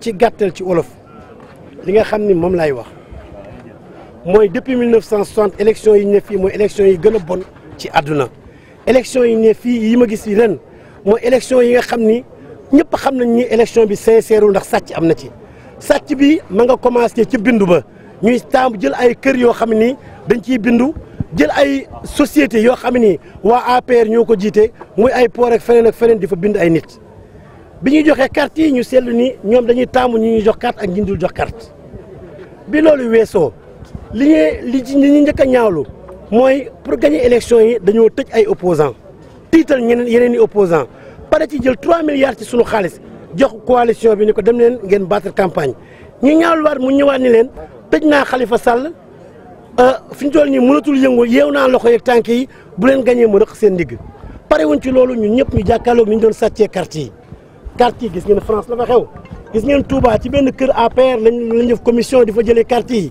ci gàttal ci olof li nga xam ni moom laay wax mooy depuis 1960 élection yi ne fii mooy élection yi gën bon ci àdduna élection yi ne fii yi ma gis yi ren mooy élection yi nga xam ni ñëpp xam nañ ni élection bi sincère ndax sàcc am na ci sàcc bi ma nga commencé ci bindu ba ñuy taam jël ay kër yoo xam ni dañ ciy bindu jël ay société yoo xam ni waa APR ñoo ko jiite muy ay poor ak feneen ak feneen di fa bind ay nit bi ñuy joxee carte yi ñu seetlu ni ñoom dañuy taamu ñu ñuy jox carte ak ñu dul jox carte bi loolu weesoo li ñu li ñu njëkk a ñaawlu mooy pour gagner élection yi dañoo tëj ay opposants tiital ñeneen yeneen i opposants pare ci jël 3 milliards ci sunu xaalis jox coalition bi ni ko dem leen ngeen battre campagne ñu ñaawluwaat mu ñëwaat ni leen tëj naa Khalifa Sall euh, fi ñu toll nii mënatul yëngu yeew naa loxo yeeg tànk yi bu leen gañee mu a seen ndigg pare wuñ ci loolu ñun ñëpp ñu jàkkaarloog ni ñu doon sàccee carte yi. quartier gis ngeen France la fa xew gis ngeen Touba ci benn kër APR lañ lañ def commission difa jëlé quartier yi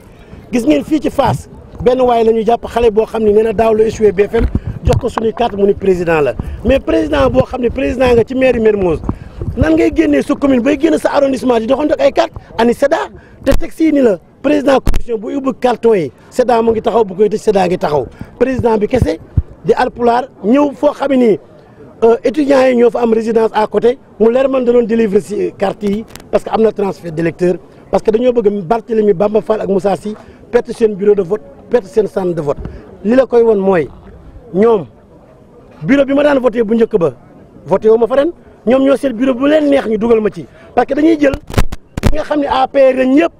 gis ngeen fii ci face benn way lañu japp xalé bo xamni xam dawlo nee échoué BFM jox ko suñu carte mu ni président la mais président bo xamni président nga ci mairie Mermoz nan ngay génné su commune bay génné sa arrondissement di doxantu ay carte ani SEDA te teg ni la président commission bu ubbi carton yi SEDA mu ngi taxaw bu koy tëj SEDA ngi taxaw président bi kessé di alpulaar ñëw fo xamni euh, étudiants ñoo fa am résidence à côté mu leer man da doon délivrer ci euh, carte yi parce que am na transfert d'électeur parce que dañoo bëgg Barthélemy Bamba Fall ak Moussa Sy perte seen bureau de vote perte seen centre de vote li la koy won mooy ñoom bureau bi ma daan voté bu njëkk ba voté wu ma fa ren ñoom ñoo seet bureau bu leen neex ñu dugal ma ci parce que dañuy jël ñi nga xam ne APR ñëpp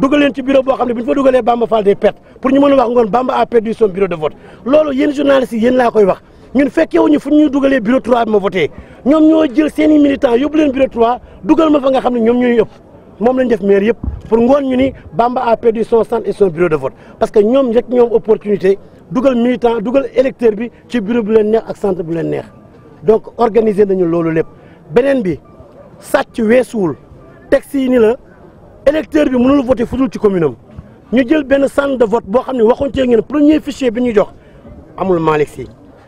dugal leen ci bureau boo xam ne bu ñu fa dugalee Bamba Fall day perte pour ñu mën a wax ngoon Bamba a perdu son bureau de vote loolu yéen journalistes yi yéen laa koy wax ñun féké wuñu fu ñuy duggalé bureau 3 bi ma voté ñom ñoo jël seen i militants yóbbu leen bureau 3 duggal ma fa nga xam ñom ñuy yop mom lañ def maire yëpp pour ngoon ñu ni Bamba a perdu son centre et son bureau de vote parce que ñom rek ñom opportunité duggal militant duggal électeur bi ci bureau bu leen neex ak centre bu leen neex donc organiser nañu lolu lépp benen bi sàcc weesuwul texte yi ni la électeur bi mënul voté fudul ci commune ñu jël benn centre de vote bo xam waxuñ ci ngeen premier fichier bi ñu jox amul Malick Sy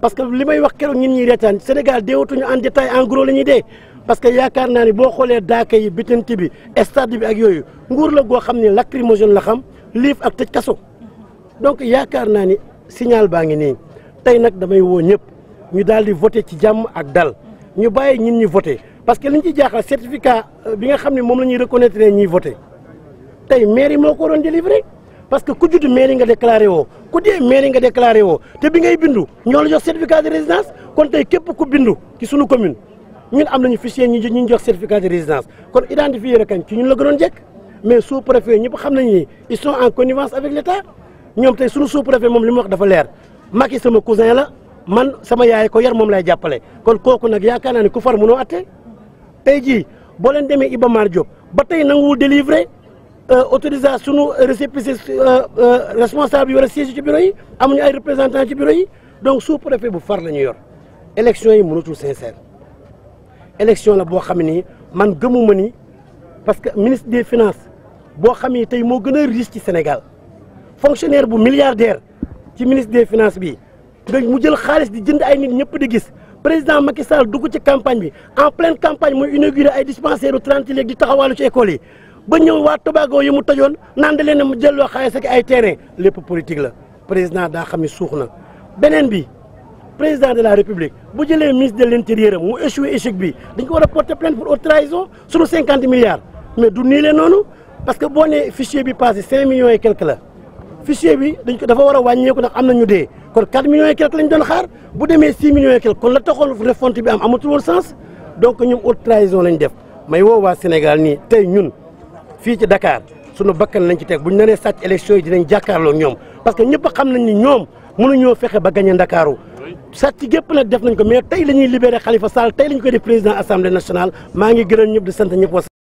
parce que li may wax keroog ñun ñi reetaan Sénégal deewatuñu en détail en gros la ñuy dee parce que yaakaar naa boo xoolee daaka yi bitanti bi stade bi ak yooyu nguur la goo xam ne lacrymogène la xam liif ak tëj kaso donc yaakaar naa ni signal baa ngi nii tey nag damay woo ñëpp ñu daal di voté ci jàmm ak dal ñu bàyyi ñin ñi voté parce que liñ ci jaaxal certificat bi nga xam ne moom la ñuy reconnaître ne ñuy voté tey mairie moo ko waroon délivré parce que ku judd mairie nga déclaré woo ku dee mairie nga woo te bi ngay bindu ñoo la jox certificat de résidence kon tey képp ku bindu ci sunu commune ñun am nañu fichier ñu ñu jox certificat de résidence kon identifier rek kañ ci ñun la gënoon jekk mais sous préfet ñëpp xam nañu ni ils sont en connivence avec l' état ñoom tey sunu sous préfet moom li mu wax dafa leer Macky sama cousin la man sama yaay ko yar moom lay jàppale kon kooku na yaakaar naa ne ku far mënoo atte jii boo leen demee Iba Mar Diop ba tey nanguwul délivrer. Euh, autorisation sunu récépissé euh, euh, responsable de wala siège du bureau yi amuñu ay représentant du bureau donc sous préfet bu far la L'élection yor élection yi mënatul sincère élection la boo xam ni man gëmuma ni parce que ministre des finances boo xam ni tey moo riche ci Sénégal fonctionnaire bu milliardaire ci ministre des finances bi a mu jël xaalis di jënd ay nit ñëpp di gis président Macky Sall dugg ci campagne en pleine campagne muy inauguré ay dispensaire yu 30 léegi di taxawaalu ci école ba ñëw waa Tobago yi mu tëjoon naan da leen mu jëlloo xaalis ak ay terrain lépp politique la président daa xam ne suux na beneen bi président de la république bu jëlee ministre de l' intérieur mu échoué échec bi dañ ko war a porter plainte pour haute trahison sunu cinquante milliards mais du nii leen noonu parce que boo nee fichier bi passé cinq millions et quelque la fichier bi dañ ko dafa war a wàññeeku ndax am nañu ñu dee kon quatre millions et quelque lañ doon xaar bu demee six millions et quelque kon la taxoon refonte bi am amatul woon sens donc ñoom haute trahison lañ def may woo waa nii tey ñun fii ci dakaar sunu bakkan lañ ci teg bu ñu nee sàcc élection yi dinañ jàkkaarloo ñoom parce que ñëpp xam nañ ni ñoom mënuñoo fexe ba gagné Ndakaaru sàcc gépp na def nañ ko mais tey la ñuy libéré Khalifa Sall tey la koy def président assemblée nationale maa ngi gërëm ñëpp di sant ñëpp